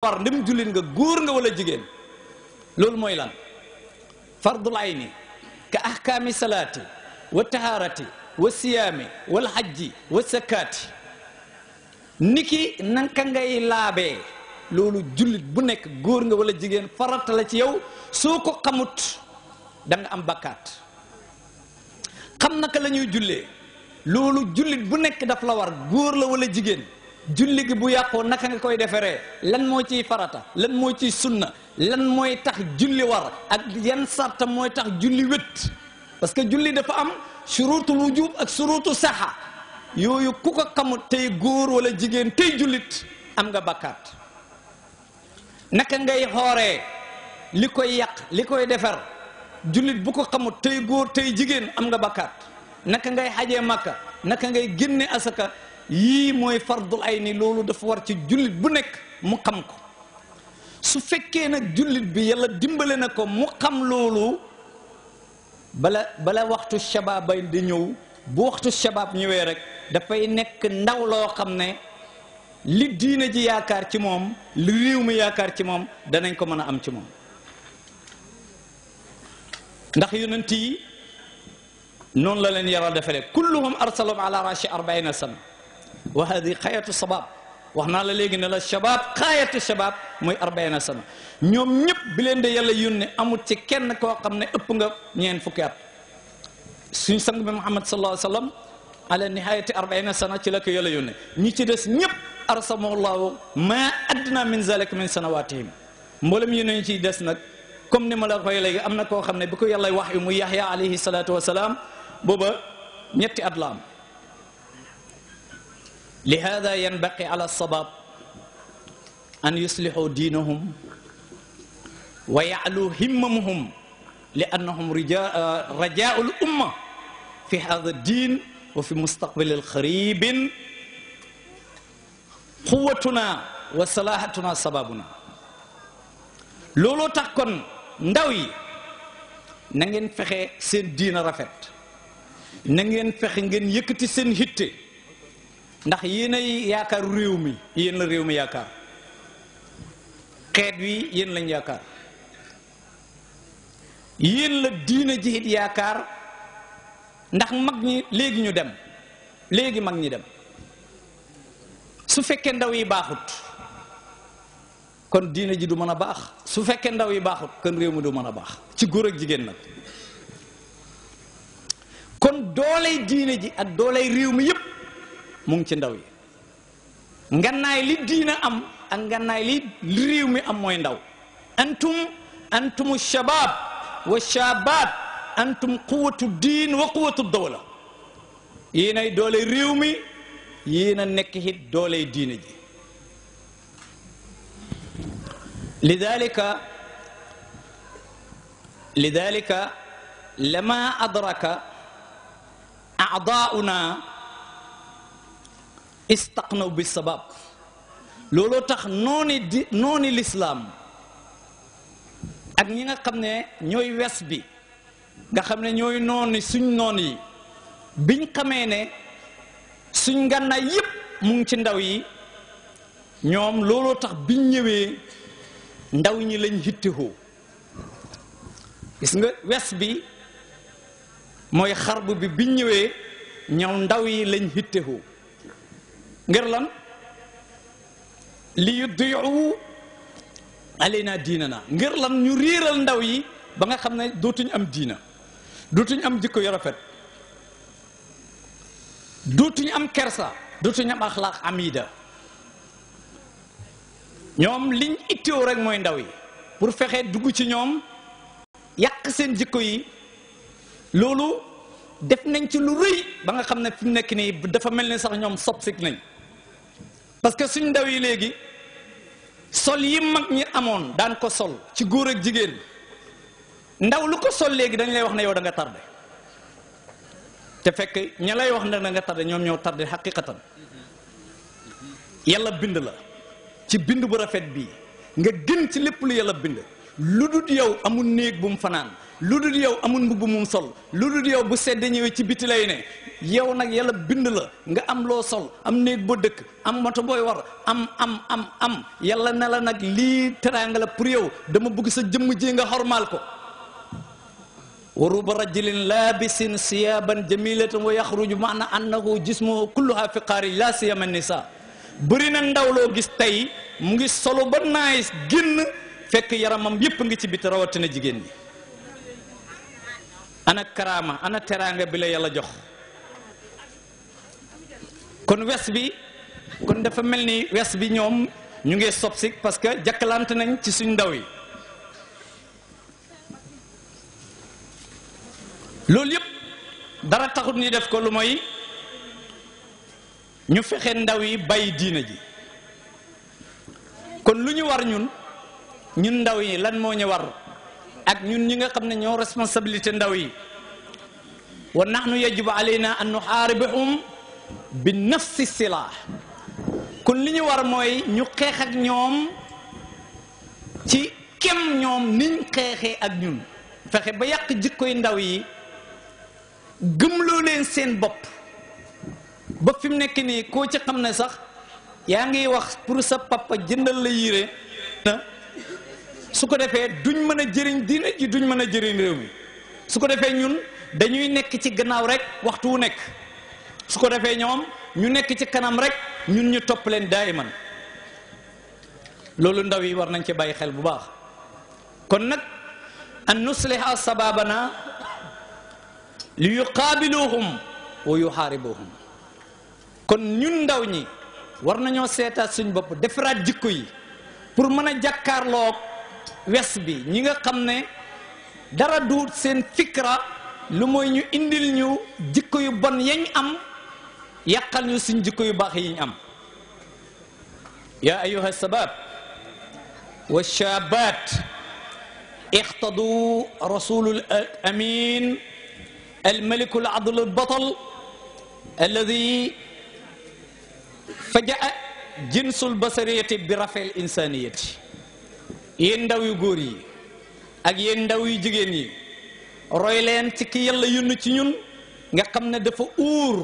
war ndem jullit nga goor nga wala jigen lol moy lan fardul ayni ka ahkami salati wa taharati wa siyami wal hajji wa sakaati niki nanka ngay laabee lolou julit bu nek goor nga wala jigen farata la ci yow soko xamut da nga am bakkaat xam naka lañuy julé lolou julit bu nek daf la war goor la wala jigen julli bu yàqoo naka nga koy defaree lan moo ciy farata lan moo ci sunna lan mooy tax julli war ak yan sarta mooy tax julli wét parce que julli dafa am suruutu wujub ak suruutu saxa yooyu ku ko xamut tey góor wala jigéen tey jullit am nga bakkaat naka ngay xooree li koy yàq li koy defar jullit bu ko xamut tey góor tey jigéen am nga naka ngay xajee màkka naka ngay génne asaka yii mooy fardul ay ni loolu dafa war ci jullit bu nekk mu xam ko su fekkee nag jullit bi yalla dimbale na ko mu xam loolu bala bala waxtu shabaab ay di ñëw bu waxtu shabaab ñëwee rek dafay nekk ndaw loo xam ne li diine ji yaakaar ci moom li réew mi yaakaar ci moom danañ ko mën a am ci moom ndax yonent yi noonu la leen yaral defalee kulluhum arsalum ala rashi arbaina sana wa hadi xayatu sabab wax naa la léegi ne la shabab xaayati shabab muy arbaina sana ñoom ñëpp bi leen de yàlla yónne amul ci kenn koo xam ne ëpp nga ñeen fukki at suñ sang bi muhammad sallallahu alayhi wa sallam ala nihayati arbaina sana ci la ko yàlla yónne ñi ci des ñëpp arsamullahu ma adna min zalika min sanawatihim mboolem yu ne ciy des nag comme ni ma la koy léegi am na koo xam ne bi ko yàlla wax yu muy yaxya alayhi salaatu wasalaam booba ñetti at لهذا ينبغي على الصباب أن يصلحوا دينهم ويعلوا هممهم لأنهم رجاء, رجاء الأمة في هذا الدين وفي مستقبل القريب قوتنا وصلاحتنا سببنا لولو تكون kon ndaw yi na ngeen fexe seen diina rafet na ngeen fexe ngeen hitte ndax yéenay yaakaaru réew mi yéen la réew mi yaakaar xeet wi yéen lañ yaakaar yéen la diina jihit yaakaar ndax mag ñi léegi ñu dem léegi mag ñi dem su fekkee ndaw yi baaxut kon diina ji du mën a baax su fekkee ndaw yi baaxut kon réew mi du mën a baax ci góor ak jigéen nag kon dooley diine ji ak dooley réew mi yépp mung ci ndaw yi ngannaay li diina am ak ngannaay li réew mi am moy ndaw antum antum shabab wa shabab antum quwwatu diin wa quwatu dawla yina doole réew mi yina nek hit it diina ji لذلك لذلك لما أدرك أعضاؤنا istaqnaw bi sabab looloo tax nooni di nooni lislaam ak ñi nga xam ne ñooy wes bi nga xam ne ñooy nooni suñ noon yi biñ xamee ne suñ ngànnaay yépp mu ci ndaw yi ñoom looloo tax biñ ñëwee ndaw ñi lañ hittihoo gis nga wes bi mooy xarb bi biñ ñëwee ñow ndaw yi lañ hittihoo ngir lan li yudiu alayna na ngir lan ñu réeral ndaw yi ba nga xam ne dootuñ am diina dootuñ am jikko yu rafet dootuñ am kersa dootuñ am axlaaq amida ñoom liñ itteewu rek mooy ndaw yi pour fexe dugg ci ñoom yàq seen jikko yi loolu def nañ ci lu rëy ba nga xam ne fi mu nekk nii dafa mel ni sax ñoom sob sik nañ parce que suñ ndaw yi léegi sol yi mag ñi amoon daan ko sol ci góor ak jigéen ndaw lu ko sol léegi dañ lay wax ne yow danga nga te fekk ña lay wax ne da nga tardé ñoom ñoo tardé xaqiqatan yàlla bind la ci bind bu rafet bii nga gën ci lépp lu yàlla bind lu dul yow amul néeg bu mu fanaan lu dul yow amul mbubb mu mu sol lu dul yow bu sedd ñëwee ci biti lay ne yow nag yàlla bind la nga am loo sol am néeg boo dëkk am moto booy war am am am am yàlla ne nag lii teraanga la pour yow dama bëgg sa jëmm ji nga xormaal ko wa ruba rajulin laabisin siyaaban jamilatan wa yaxruju maana annahu jismuhu kulluha fiqaari la siyama nisa bëri na ndaw loo gis tey mu ngi solo ba naay génn fekk yaramam yépp ngi ci biti rawatina jigéen ñi ana karama ana teranga bi la yalla jox kon wess bi kon dafa melni ni bi ñom ñu ngi sob si parce que jakalant nañ ci suñ ndaw yi lool yépp dara taxut ni def ko lu moy ñu fexé ndaw yi bay diina ji kon luñu war ñun ñun ndaw yi lan moo ñu war ak ñun ñi nga xam ne ñoo responsabilité ndaw yi wa nahnu yajibu alayna an nuxaaribahum bi nafsi silah kon li ñu war mooy ñu xeex ak ñoom ci kem ñoom niñ xeexee ak ñun fexe ba yàq jikkoy ndaw yi gëmloo leen seen bopp ba fi mu nekk nii ko ci xam ne sax yaa ngi wax pour sa papa jëndal la yére su ko defee duñ mën a jëriñ diine ji duñ mën a jëriñ réew mi su ko defee ñun dañuy nekk ci gannaaw rek waxtu wu nekk su ko defee ñoom ñu nekk ci kanam rek ñun ñu topp leen daay man loolu ndaw yi war nañ ci bàyyi xel bu baax kon nag an nusliha sababana li yuqaabiluhum wa yuxaaribuhum kon ñun ndaw ñi war nañoo seetaat suñ bopp defaraat jikko yi pour mën a jàkkaarloog wess bi ñi nga xamne dara du seen fikra lu moy ñu indil ñu jikko yu bon yañ am yàqal ñu suñ jikko yu bax yiñ am ya ayuha sabab والشابات اقتضوا رسول الأمين الملك العدل البطل الذي فجأ جنس البصرية برفع الإنسانية yéen ndaw yu góor yi ak yéen ndaw yu jigéen yi roy leen ci ki yàlla yónn ci ñun nga xam ne dafa uur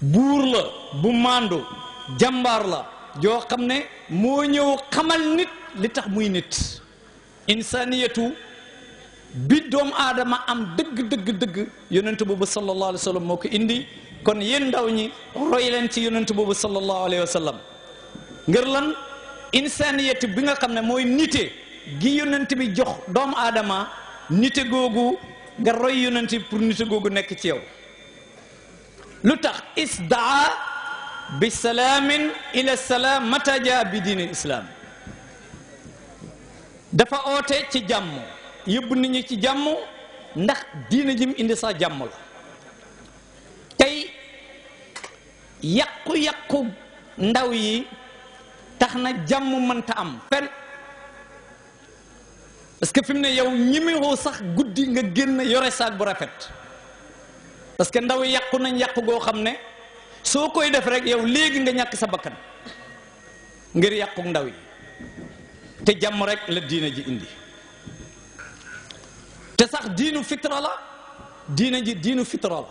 buur la bu màndu jàmbaar la joo xam ne moo ñëw xamal nit li tax muy nit insaniyatu bi doomu aadama am dëgg dëgg dëgg yonent boobu sallallahu alayhi wa sallam moo ko indi kon yéen ndaw ñi roy leen ci yonent boobu sallallahu alayhi wa sallam ngir lan insaniyati bi nga xam ne mooy nite gi yonent bi jox doomu aadama nite googu nga roy yonent bi pour nite googu nekk ci yow lu tax isdaa bi salaamin ila salaam mata jaa bi diinil islaam dafa oote ci jàmm yóbbu nit ñi ci jàmm ndax diina jim indi sax jàmm la tey yàqu-yàqu ndaw yi tax na man ta am fen parce que fimne yow ñimi yow sax guddii nga genn yore sax bu rafet parce que ndaw yaqku nañ yaq go xamne ne koy def rek yow legi nga ñak sa bakkan ngir yaqku ndaw yi te jàmm rek la diina ji indi te sax diinu fitra la diina ji diinu fitra la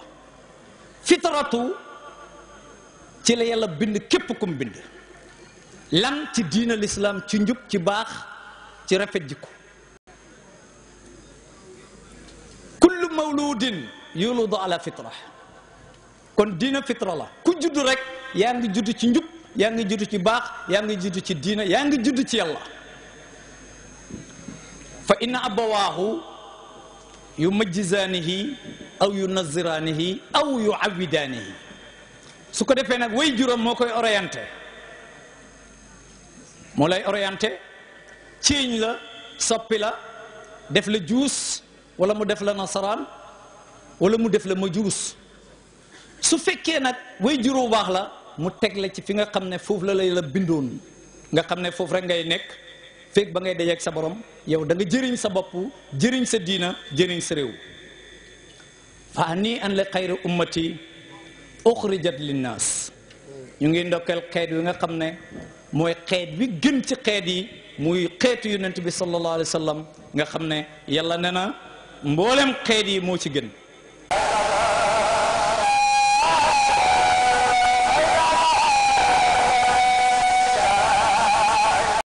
fitratu ci la yalla bind kep kum bind lan ci diina lislaam ci njub ci baax ci rafet jikko kullu mawludin yuludu ala fitra kon diina fitra la ku judd rek yaa ngi judd ci njub yaa ngi judd ci baax yaa ngi judd ci diina yaa ngi judd ci yàlla fa inna abawaahu yu majjisaanihi aw yu naziraanihi aw yu awidaanihi su ko defee nag way juróom moo koy orienté moo lay orienté ciiñ la soppi la def la juus wala mu def la nasaraan wala mu def la majuus su fekkee nag way juru baax la mu teg la ci fi nga xam ne foofu la lay la bindoon nga xam ne foofu rek ngay nekk feeg ba ngay dajeeg sa borom yow danga jëriñ sa bopp jëriñ sa diina jëriñ sa réew fa nii an la xayri ummati uxrijat linnaas ñu ngi ndokkeel xeet wi nga xamné moy xeet bi gën ci xeet yi muy xeetu yonent bi sallallahu alayhi wasallam nga xamné yàlla néna mbolém xeet yi mo ci gën